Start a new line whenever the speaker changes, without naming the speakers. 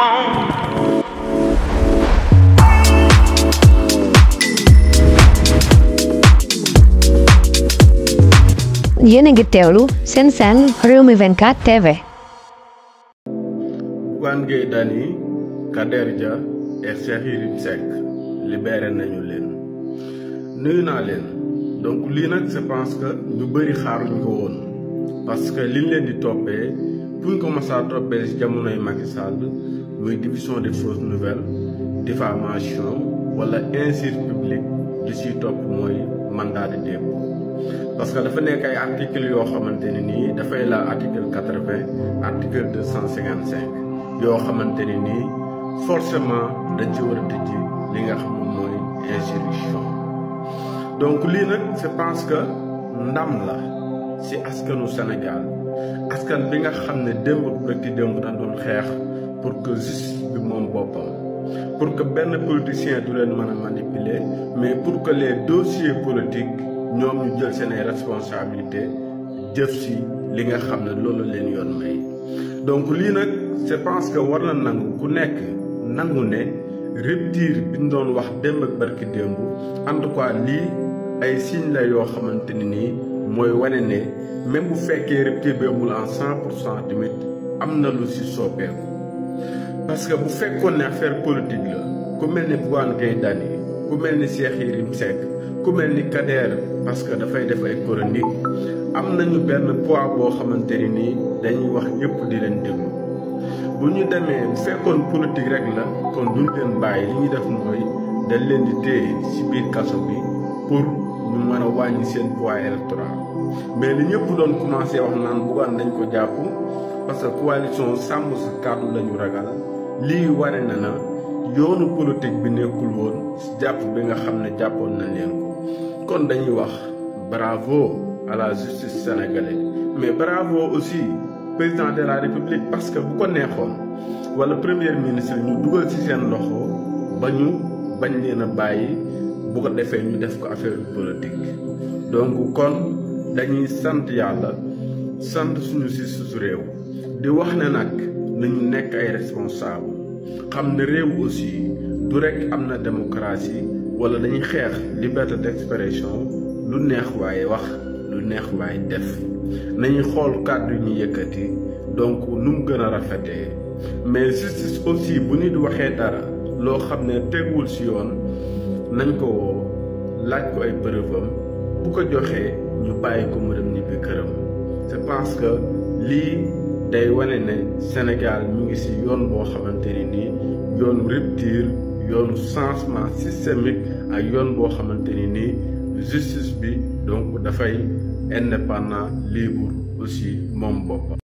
yéen a ngi teewlu seen seen Rewmi 24 TV. Bougane Gueye Dany Kader Dia et Cheikh Yérim Seck libéré nañu leen nuyu naa leen donc lii nag je bari que ñu ko woon parce que liñ leen di toppee. pour commencer à trouver les gens qui ont été nous divisons des fausses nouvelles, diffamation ou l'insulte publique de ce top moi mandat de dépôt. Parce que le fait qu'il y ait article qui a maintenu, il y a article 80, article 255, y a maintenu, forcément, de Dieu a dit, il y a une insurrection. Donc, je pense que nous sommes là, c'est à ce que nous sommes au Sénégal askan bi nga xam ne démb bëgg di démb da doon xeex pour que justice bi moom boppam pour que benn politicien du leen mën a manipuler mais pour que les dossiers politiques ñoom ñu jël seen ay responsabilités jëf si li nga xam ne loolu leen yoon may donc lii nag je pense que war na nangu ku nekk nangu ne rupture bi doon wax démb ak barki démb en tout cas lii. ay signes la yoo xamante ne nii mooy wane ne même bu fekkee rupture bi amul en cent cent tamit am na lu si soppeeku parce que bu fekkoon ne affaire politique la ku mel ni Bougane Gueye Dany ku mel ni Cheikh Yérim Seck ku mel ni Kader parce que dafay def ay chronique am nañu benn poids boo xamante ne nii dañuy wax ñëpp di leen déglu bu ñu demee bu fekkoon politique rek la kon duñ leen bàyyi li ñu def mooy dañ di téye ci biir kaso bi pour. ñu mën a seen poids mais li ñëpp doon commencé wax naan Bougane dañ ko jàpp parce que coalition sàmm sa kàddu la ragal lii ware na na yoonu politique bi nekkul woon jàpp bi nga xam ne jàppoon nañ leen ko kon dañuy wax bravo à la justice sénégalaise mais bravo aussi président de la république parce que bu ko neexoon wala premier ministre ñu dugal ci seen loxo ba ñu bañ leen a bàyyi. bu ko defee ñu def ko affaire politique donc kon dañuy sant yàlla sant suñu si suñu réew di wax ne nag nañu nekk ay responsable xam ne réew aussi du rekk am na démocratie walla dañuy xeex liberté d'expression lu neex waaye wax lu neex waaye def nañu xool kàddu ñu yëkkati donc nu mu gën a rafetee mais justice aussi bu nit waxee dara loo xam ne teguwul ci yoon nañ ko laaj ko ay preuve bu ko joxee ñu bàyyi ko mu dem bi këram c'est parce que lii day wane ne Sénégal mu ngi ci yoon boo xamante ni nii yoonu rupture yoon changement systémique ak yoon boo xamante ni nii justice bi donc dafay indépendant libre aussi moom boppam